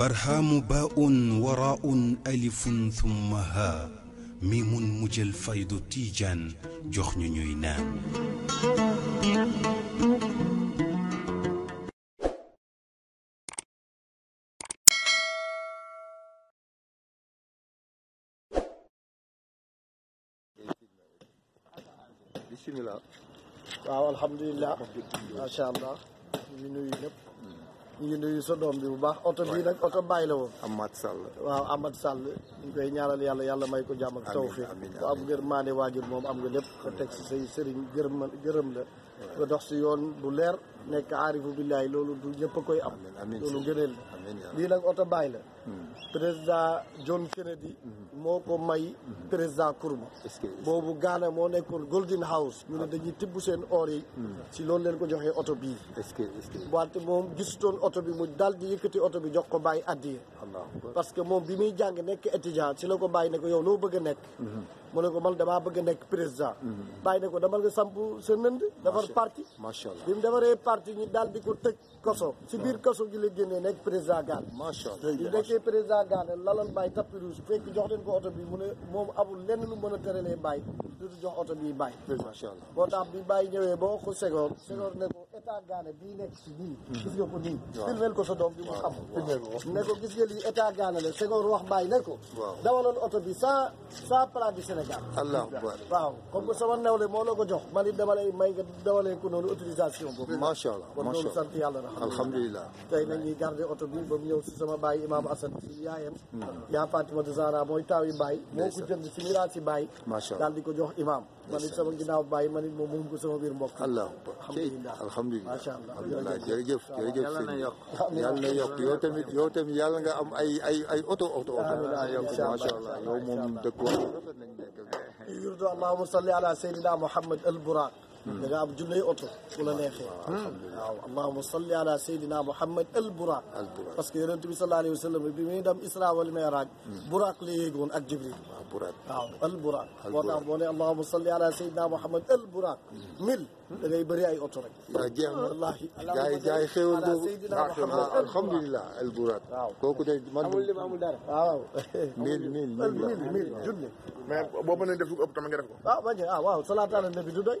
برهام باء وراء ألف ثم هاء ميم مجل فيض تيجان جخن نينام الحمد لله ما شاء الله من نينام ñu nuyu sa doom bi bu baax oto bii nag oto bàyyi la woon Amath Sall waaw Amath Sall ñu koy ñaanal yàlla yàlla may ko jàmm ak tawfiq ku am ngër maane waajur moom am nga lépp nga teg si say sëriñ gërëm gërëm la nga dox si yoon bu leer nekk aarifu billaay loolu du ñëpp koy am. loolu ngëneel la lii nag oto bàyyi la. Hmm. président John Kennedy. Hmm. moo ko may hmm. président Nkrumah. boobu Ghana moo nekkoon Golden House. ñu ne ah. dañuy tibb seen or yi. si loolu leen ko joxee oto bi est-ce que est-ce que. wante moom gisutoon oto bi mu daal di yëkkati oto bi jox ko bàyyi addiya. parce que moom bi muy jàng nekk étudiant si la ko bàyyi ne ko yow loo bëgg a nekk. mu ne ko man damaa bëgg a nekk président mhm. bàyyi ne ko damal nga samp sa nënd defar parti macha bi mu defaree parti ñu daal di ko tëj koso si mhm. biir koso gi la génnee nekk président gaal macha allah bi nekkee président gaal lalal bàyyi tapis rouge fekk jox leen ko oto bi mu ne moom amul lenn lu mën a teralee bàyyi du jox oto bi bàyyi macha allah boo tax bi bàyyi ñëwee boo ko Senghor Senghor ne Makhtar Gane bii nekk si bii hmm. gis nga ko nii filmel ko sa doom bi mu xam ne ko gis nga lii état Gane ma Senghor ma bàyyi ne ko dawaloon oto bi sans sans plat du moo la ko jox man it dama lay may nga dawalee ko noonu autorisation boobu macha allah kon loolu sant yàlla ba mu ñëw si sama baay Imam Assane si yaayam hmm. yaa Fatima de Zahra mooy taaw baay moo ko jënd si miraas si baay daal di ko jox imam man it sama ginnaaw baay man it moom moom ko sama biir mbokk alhamdulilah alhamdulilah alhamdulilah jërëjëf jërëjëf sëñ bi yàlla na yokk yow tamit yow tamit yàlla nga am ay ay ay oto oto oto macha allah yow moom dëkk wa rafet nañ nekk yurdu allahumma salli ala sayyidina muhammad al buraq دغا ابو جله يقطع ولا نيخي نعم. اللهم صل على سيدنا محمد البراق باسكو يونت بي صلى الله عليه وسلم بي مي دم اسراء والمعراج براق لي يغون اك جبريل آه، براق نعم، البراق وتعب وني اللهم صل على سيدنا محمد البراق مل دغاي بري اي اوتو رك جيخ والله جاي جاي خيول نعم، الحمد لله البراق كوكو داي من امول لي ما امول دار آه. ميل ميل ميل ميل جنة ما بابا ندفو اب تما غير اه واو صلاه على النبي دوداي